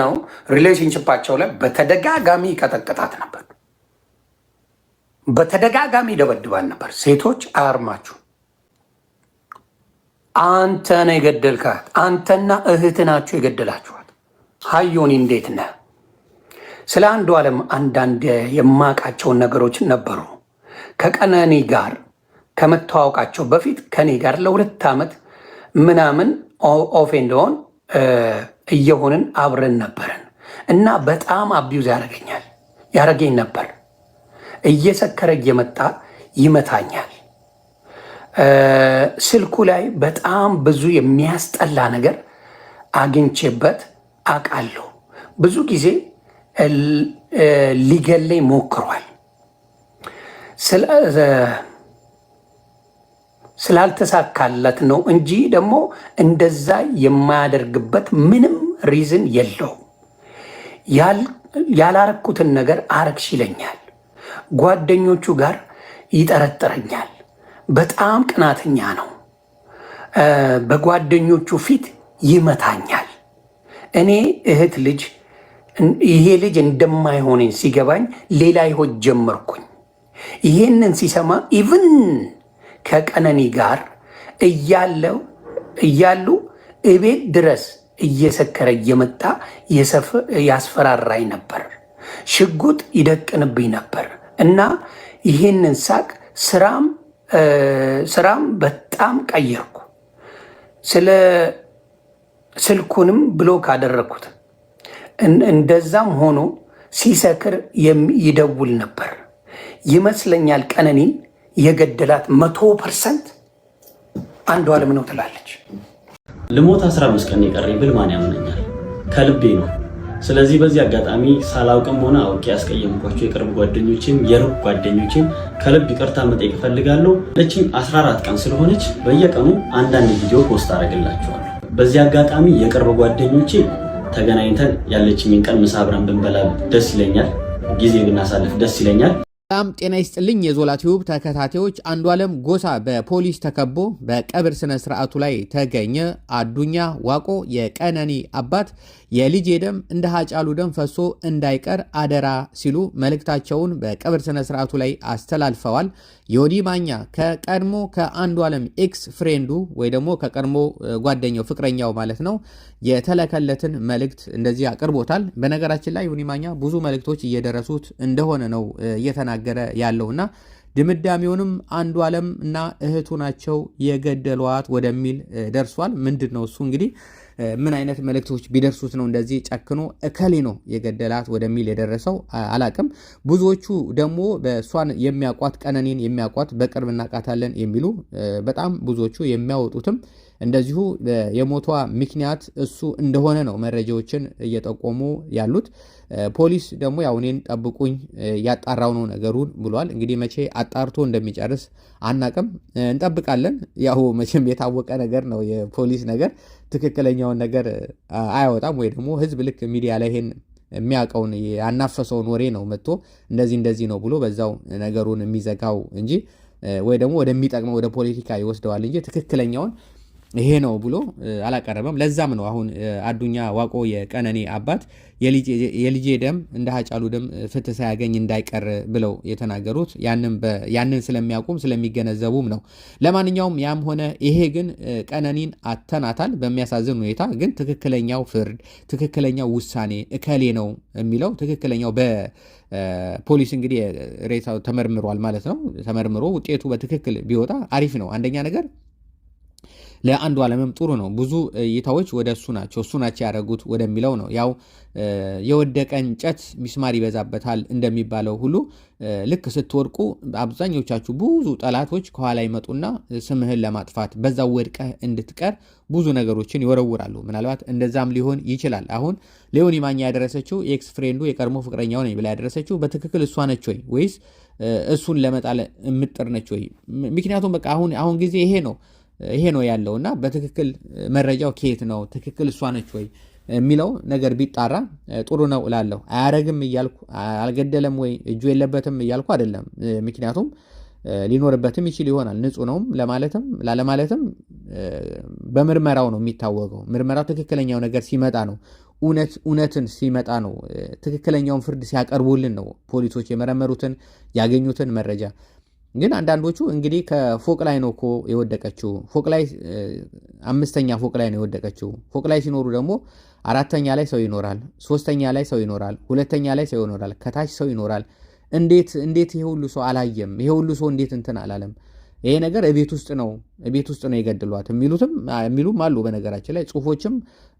ነው ሪሌሽንሽፓቸው ላይ በተደጋጋሚ ይቀጠቅጣት ነበር። በተደጋጋሚ ይደበድባል ነበር። ሴቶች አያርማችሁ። አንተ ነው የገደልካት። አንተና እህት ናችሁ የገደላችኋት። ሀዮኒ እንዴት ነህ? ስለ አንዱ ዓለም አንዳንድ የማውቃቸውን ነገሮች ነበሩ ከቀነኒ ጋር ከመተዋወቃቸው በፊት ከኔ ጋር ለሁለት ዓመት ምናምን ኦፍ እየሆንን አብረን ነበርን እና በጣም አቢዩዝ ያደርገኛል። ያደረገኝ ነበር። እየሰከረ እየመጣ ይመታኛል። ስልኩ ላይ በጣም ብዙ የሚያስጠላ ነገር አግኝቼበት አውቃለሁ። ብዙ ጊዜ ሊገለኝ ሞክሯል። ስላልተሳካለት ነው እንጂ ደግሞ እንደዛ የማያደርግበት ምንም ሪዝን የለው። ያላረኩትን ነገር አረግሽ ይለኛል። ጓደኞቹ ጋር ይጠረጥረኛል። በጣም ቅናተኛ ነው። በጓደኞቹ ፊት ይመታኛል። እኔ እህት ልጅ ይሄ ልጅ እንደማይሆነኝ ሲገባኝ ሌላ ይሆን ጀመርኩኝ። ይሄንን ሲሰማ ኢቭን ከቀነኒ ጋር እያለው እያሉ እቤት ድረስ እየሰከረ እየመጣ ያስፈራራኝ ነበር። ሽጉጥ ይደቅንብኝ ነበር እና ይህንን ሳቅ ስራም ስራም በጣም ቀየርኩ። ስለ ስልኩንም ብሎክ አደረግኩት። እንደዛም ሆኖ ሲሰክር ይደውል ነበር ይመስለኛል ቀነኒን የገደላት መቶ ፐርሰንት አንዱ አለም ነው ትላለች። ልሞት 15 ቀን የቀረኝ ብል ማን ያምነኛል? ከልቤ ነው። ስለዚህ በዚህ አጋጣሚ ሳላውቅም ሆነ አውቄ ያስቀየምኳቸው የቅርብ ጓደኞችም የሩቅ ጓደኞችም ከልብ ይቅርታ መጠየቅ እፈልጋለሁ። ለችኝ 14 ቀን ስለሆነች በየቀኑ አንዳንድ ቪዲዮ ፖስት አደርግላቸዋለሁ። በዚህ አጋጣሚ የቅርብ ጓደኞቼ ተገናኝተን ያለችኝን ቀን ምሳ አብረን ብንበላ ደስ ይለኛል። ጊዜ ብናሳልፍ ደስ ይለኛል። በጣም ጤና ይስጥልኝ የዞላ ቲዩብ ተከታታዮች። አንዱ ዓለም ጎሳ በፖሊስ ተከቦ በቀብር ስነ ስርዓቱ ላይ ተገኘ። አዱኛ ዋቆ የቀነኒ አባት የልጄ ደም እንደ ሀጫሉ ደም ፈሶ እንዳይቀር አደራ ሲሉ መልእክታቸውን በቀብር ስነ ስርዓቱ ላይ አስተላልፈዋል። ዮኒ ማኛ ከቀድሞ ከአንዱ ዓለም ኤክስ ፍሬንዱ ወይ ደግሞ ከቀድሞ ጓደኛው ፍቅረኛው ማለት ነው የተለከለትን መልእክት እንደዚህ አቅርቦታል። በነገራችን ላይ ዮኒ ማኛ ብዙ መልእክቶች እየደረሱት እንደሆነ ነው እየተናገረ ያለውና ድምዳሜውንም አንዱ ዓለም እና እህቱ ናቸው የገደሏት ወደሚል ደርሷል። ምንድን ነው እሱ እንግዲህ ምን አይነት መልእክቶች ቢደርሱት ነው እንደዚህ ጨክኖ እከሌ ነው የገደላት ወደሚል የደረሰው አላቅም። ብዙዎቹ ደግሞ በእሷን የሚያውቋት ቀነኔን የሚያውቋት በቅርብ እናውቃታለን የሚሉ በጣም ብዙዎቹ የሚያወጡትም እንደዚሁ የሞቷ ምክንያት እሱ እንደሆነ ነው መረጃዎችን እየጠቆሙ ያሉት። ፖሊስ ደግሞ ያው እኔን ጠብቁኝ ያጣራው ነው ነገሩን ብሏል። እንግዲህ መቼ አጣርቶ እንደሚጨርስ አናቅም፣ እንጠብቃለን። ያው መቼም የታወቀ ነገር ነው የፖሊስ ነገር፣ ትክክለኛውን ነገር አያወጣም ወይ ደግሞ ህዝብ ልክ ሚዲያ ላይ ይሄን የሚያውቀውን ያናፈሰውን ወሬ ነው መጥቶ እንደዚህ እንደዚህ ነው ብሎ በዛው ነገሩን የሚዘጋው እንጂ ወይ ደግሞ ወደሚጠቅመው ወደ ፖለቲካ ይወስደዋል እንጂ ትክክለኛውን ይሄ ነው ብሎ አላቀረበም። ለዛም ነው አሁን አዱኛ ዋቆ የቀነኔ አባት የልጄ ደም እንደ ሀጫሉ ደም ፍትህ ሳያገኝ እንዳይቀር ብለው የተናገሩት ያንን ስለሚያውቁም ስለሚገነዘቡም ነው። ለማንኛውም ያም ሆነ ይሄ ግን ቀነኒን አተናታል። በሚያሳዝን ሁኔታ ግን ትክክለኛው ፍርድ ትክክለኛው ውሳኔ እከሌ ነው የሚለው ትክክለኛው በፖሊስ እንግዲህ ሬሳው ተመርምሯል ማለት ነው። ተመርምሮ ውጤቱ በትክክል ቢወጣ አሪፍ ነው። አንደኛ ነገር ለአንዱ ዓለምም ጥሩ ነው። ብዙ እይታዎች ወደ እሱ ናቸው እሱ ናቸው ያደረጉት ወደሚለው ነው። ያው የወደቀ እንጨት ሚስማር ይበዛበታል እንደሚባለው ሁሉ ልክ ስትወድቁ አብዛኞቻችሁ ብዙ ጠላቶች ከኋላ ይመጡና ስምህን ለማጥፋት በዛው ወድቀህ እንድትቀር ብዙ ነገሮችን ይወረውራሉ። ምናልባት እንደዛም ሊሆን ይችላል። አሁን ሌዮኒ ማኛ ያደረሰችው ኤክስ ፍሬንዱ የቀድሞ ፍቅረኛው ነኝ ብላ ያደረሰችው በትክክል እሷ ነች ወይ ወይስ እሱን ለመጣል የምጥር ነች ወይ? ምክንያቱም በቃ አሁን አሁን ጊዜ ይሄ ነው። ይሄ ነው ያለው እና በትክክል መረጃው ከየት ነው ትክክል እሷ ነች ወይ የሚለው ነገር ቢጣራ ጥሩ ነው እላለሁ። አያረግም እያልኩ አልገደለም ወይ እጁ የለበትም እያልኩ አይደለም። ምክንያቱም ሊኖርበትም ይችል ይሆናል። ንጹህ ነውም ለማለትም ላለማለትም በምርመራው ነው የሚታወቀው። ምርመራው ትክክለኛው ነገር ሲመጣ ነው፣ እውነትን ሲመጣ ነው፣ ትክክለኛውን ፍርድ ሲያቀርቡልን ነው ፖሊሶች የመረመሩትን ያገኙትን መረጃ ግን አንዳንዶቹ እንግዲህ ከፎቅ ላይ ነው እኮ የወደቀችው፣ ፎቅ ላይ አምስተኛ ፎቅ ላይ ነው የወደቀችው። ፎቅ ላይ ሲኖሩ ደግሞ አራተኛ ላይ ሰው ይኖራል፣ ሶስተኛ ላይ ሰው ይኖራል፣ ሁለተኛ ላይ ሰው ይኖራል፣ ከታች ሰው ይኖራል። እንዴት እንዴት ይሄ ሁሉ ሰው አላየም? ይሄ ሁሉ ሰው እንዴት እንትን አላለም? ይሄ ነገር እቤት ውስጥ ነው እቤት ውስጥ ነው የገድሏት የሚሉትም የሚሉም አሉ። በነገራችን ላይ ጽሁፎችም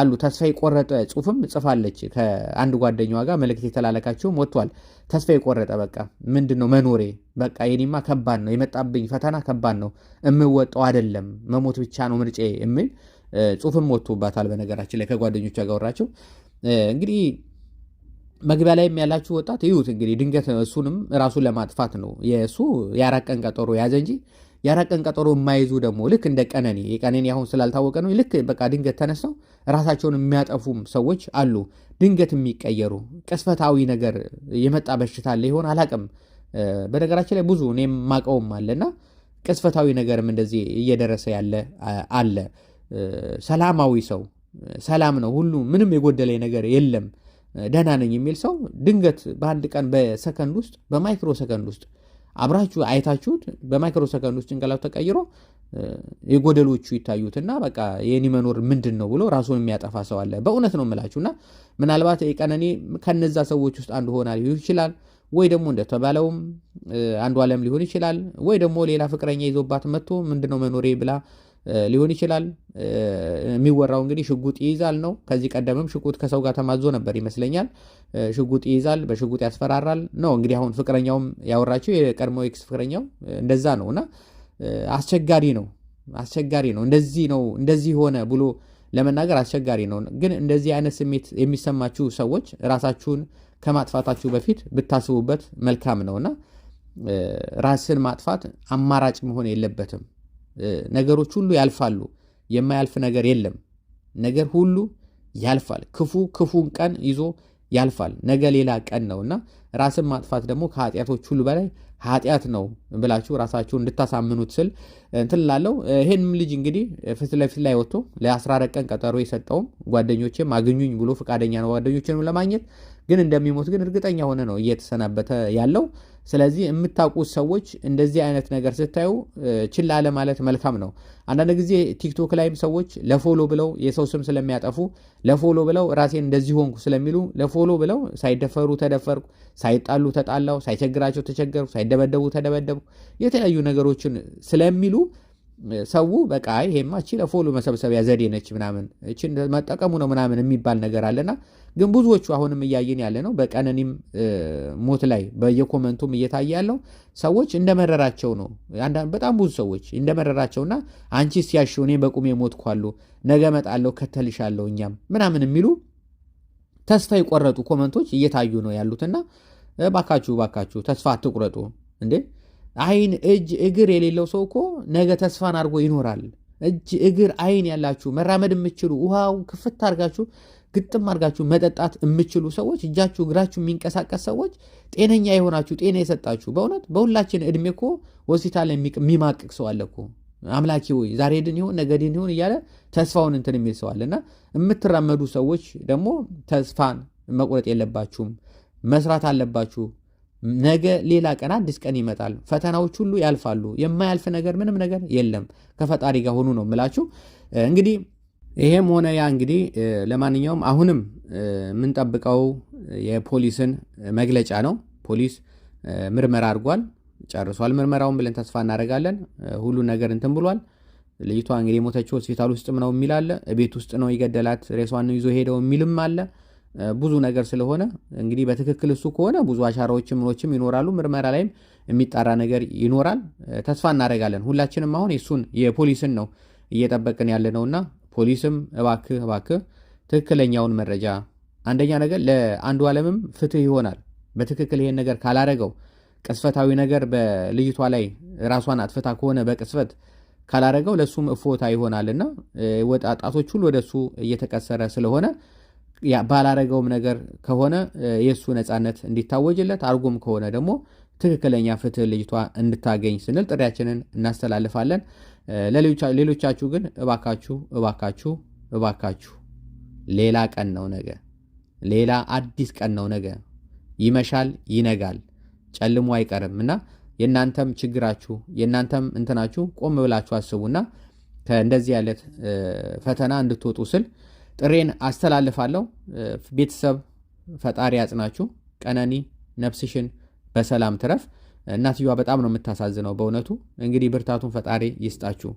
አሉ። ተስፋ የቆረጠ ጽሁፍም ጽፋለች። ከአንድ ጓደኛዋ ጋር መልእክት የተላለካቸውም ወጥቷል። ተስፋ የቆረጠ በቃ ምንድን ነው መኖሬ በቃ የኔማ ከባድ ነው፣ የመጣብኝ ፈተና ከባድ ነው፣ እምወጣው አይደለም መሞት ብቻ ነው ምርጬ የሚል ጽሁፍም ወጥቶባታል። በነገራችን ላይ ከጓደኞቿ ጋር ወራቸው እንግዲህ መግቢያ ላይም ያላችሁ ወጣት ይዩት እንግዲህ ድንገት እሱንም ራሱን ለማጥፋት ነው የእሱ የአራት ቀን ቀጠሮ ያዘ እንጂ የአራት ቀን ቀጠሮ የማይዙ ደግሞ ልክ እንደ ቀነኔ የቀነኔ አሁን ስላልታወቀ ነው። ልክ በቃ ድንገት ተነስተው ራሳቸውን የሚያጠፉም ሰዎች አሉ። ድንገት የሚቀየሩ ቅስፈታዊ ነገር የመጣ በሽታ አለ ይሆን አላቅም። በነገራችን ላይ ብዙ እኔም ማቀውም አለና ቅስፈታዊ ነገርም እንደዚህ እየደረሰ ያለ አለ። ሰላማዊ ሰው ሰላም ነው፣ ሁሉ ምንም የጎደለ ነገር የለም። ደህና ነኝ የሚል ሰው ድንገት በአንድ ቀን በሰከንድ ውስጥ በማይክሮ ሰከንድ ውስጥ አብራችሁ አይታችሁት በማይክሮ ሰከንድ ውስጥ ጭንቅላቱ ተቀይሮ የጎደሎቹ ይታዩትና በቃ የኔ መኖር ምንድን ነው ብሎ ራሱን የሚያጠፋ ሰው አለ። በእውነት ነው የምላችሁና ምናልባት ቀነኔ ከነዛ ሰዎች ውስጥ አንዱ ሆና ሊሆን ይችላል ወይ ደግሞ እንደተባለውም አንዱ አለም ሊሆን ይችላል ወይ ደግሞ ሌላ ፍቅረኛ ይዞባት መጥቶ ምንድነው መኖሬ ብላ ሊሆን ይችላል። የሚወራው እንግዲህ ሽጉጥ ይይዛል ነው። ከዚህ ቀደምም ሽጉጥ ከሰው ጋር ተማዞ ነበር ይመስለኛል። ሽጉጥ ይይዛል፣ በሽጉጥ ያስፈራራል ነው እንግዲህ አሁን ፍቅረኛውም ያወራችው የቀድሞ ኤክስ ፍቅረኛው እንደዛ ነው እና አስቸጋሪ ነው አስቸጋሪ ነው። እንደዚህ ነው እንደዚህ ሆነ ብሎ ለመናገር አስቸጋሪ ነው። ግን እንደዚህ አይነት ስሜት የሚሰማችሁ ሰዎች ራሳችሁን ከማጥፋታችሁ በፊት ብታስቡበት መልካም ነውና ራስን ማጥፋት አማራጭ መሆን የለበትም። ነገሮች ሁሉ ያልፋሉ። የማያልፍ ነገር የለም። ነገር ሁሉ ያልፋል። ክፉ ክፉን ቀን ይዞ ያልፋል። ነገ ሌላ ቀን ነው እና ራስን ማጥፋት ደግሞ ከኃጢአቶች ሁሉ በላይ ኃጢአት ነው ብላችሁ ራሳችሁ እንድታሳምኑት ስል እንትን እላለሁ። ይህንም ልጅ እንግዲህ ፊት ለፊት ላይ ወጥቶ ለ14 ቀን ቀጠሮ የሰጠውም ጓደኞቼም አግኙኝ ብሎ ፈቃደኛ ነው ጓደኞችንም ለማግኘት ግን እንደሚሞት ግን እርግጠኛ ሆነ ነው እየተሰናበተ ያለው። ስለዚህ የምታውቁት ሰዎች እንደዚህ አይነት ነገር ስታዩ ችላ ለማለት መልካም ነው። አንዳንድ ጊዜ ቲክቶክ ላይም ሰዎች ለፎሎ ብለው የሰው ስም ስለሚያጠፉ ለፎሎ ብለው ራሴን እንደዚህ ሆንኩ ስለሚሉ ለፎሎ ብለው ሳይደፈሩ ተደፈርኩ፣ ሳይጣሉ ተጣላው፣ ሳይቸግራቸው ተቸገርኩ፣ ሳይደበደቡ ተደበደብኩ የተለያዩ ነገሮችን ስለሚሉ ሰው በቃ ይሄማ እቺ ለፎሎ መሰብሰቢያ ዘዴ ነች ምናምን እቺን መጠቀሙ ነው ምናምን የሚባል ነገር አለና፣ ግን ብዙዎቹ አሁንም እያየን ያለ ነው። በቀነኒም ሞት ላይ በየኮመንቱም እየታየ ያለው ሰዎች እንደመረራቸው ነው። በጣም ብዙ ሰዎች እንደመረራቸውና አንቺ ሲያሽ እኔ በቁሜ ሞት ኳሉ ነገ መጣለው ከተልሻለው እኛም ምናምን የሚሉ ተስፋ የቆረጡ ኮመንቶች እየታዩ ነው ያሉትና፣ ባካችሁ ባካችሁ ተስፋ አትቁረጡ እንዴ! አይን፣ እጅ፣ እግር የሌለው ሰው እኮ ነገ ተስፋን አድርጎ ይኖራል። እጅ፣ እግር፣ አይን ያላችሁ መራመድ የምችሉ ውሃው ክፍት አድርጋችሁ ግጥም አድርጋችሁ መጠጣት የምችሉ ሰዎች እጃችሁ እግራችሁ የሚንቀሳቀስ ሰዎች ጤነኛ የሆናችሁ ጤና የሰጣችሁ በእውነት በሁላችን እድሜ እኮ ሆስፒታል የሚማቅቅ ሰው አለ እኮ አምላኪ ወይ ዛሬ ድን ይሆን ነገ ድን ይሆን እያለ ተስፋውን እንትን የሚል ሰዋል። እና የምትራመዱ ሰዎች ደግሞ ተስፋን መቁረጥ የለባችሁም፣ መስራት አለባችሁ። ነገ ሌላ ቀን አዲስ ቀን ይመጣል። ፈተናዎች ሁሉ ያልፋሉ። የማያልፍ ነገር ምንም ነገር የለም። ከፈጣሪ ጋር ሆኑ ነው ምላችሁ። እንግዲህ ይሄም ሆነ ያ እንግዲህ ለማንኛውም አሁንም የምንጠብቀው የፖሊስን መግለጫ ነው። ፖሊስ ምርመራ አድርጓል፣ ጨርሷል ምርመራውን ብለን ተስፋ እናደርጋለን። ሁሉ ነገር እንትን ብሏል። ልጅቷ እንግዲህ የሞተችው ሆስፒታል ውስጥም ነው የሚል አለ። ቤት ውስጥ ነው የገደላት ሬሷን ይዞ ሄደው የሚልም አለ። ብዙ ነገር ስለሆነ እንግዲህ በትክክል እሱ ከሆነ ብዙ አሻራዎችም ምኖችም ይኖራሉ። ምርመራ ላይም የሚጣራ ነገር ይኖራል። ተስፋ እናደርጋለን። ሁላችንም አሁን የሱን የፖሊስን ነው እየጠበቅን ያለ ነውና ፖሊስም እባክህ እባክህ ትክክለኛውን መረጃ አንደኛ ነገር ለአንዱ ዓለምም ፍትህ ይሆናል። በትክክል ይሄን ነገር ካላረገው ቅስፈታዊ ነገር በልጅቷ ላይ ራሷን አጥፍታ ከሆነ በቅስፈት ካላረገው ለእሱም እፎታ ይሆናልና ወጣጣቶች ሁሉ ወደሱ እየተቀሰረ ስለሆነ ባላረገውም ነገር ከሆነ የእሱ ነፃነት እንዲታወጅለት አርጎም ከሆነ ደግሞ ትክክለኛ ፍትህ ልጅቷ እንድታገኝ ስንል ጥሪያችንን እናስተላልፋለን። ሌሎቻችሁ ግን እባካችሁ እባካችሁ እባካችሁ ሌላ ቀን ነው ነገ፣ ሌላ አዲስ ቀን ነው ነገ። ይመሻል፣ ይነጋል፣ ጨልሞ አይቀርም እና የእናንተም ችግራችሁ የእናንተም እንትናችሁ ቆም ብላችሁ አስቡና ከእንደዚህ አይነት ፈተና እንድትወጡ ስል ጥሬን አስተላልፋለሁ። ቤተሰብ ፈጣሪ ያጽናችሁ። ቀነኒ ነፍስሽን በሰላም ትረፍ። እናትየዋ በጣም ነው የምታሳዝነው በእውነቱ። እንግዲህ ብርታቱን ፈጣሪ ይስጣችሁ።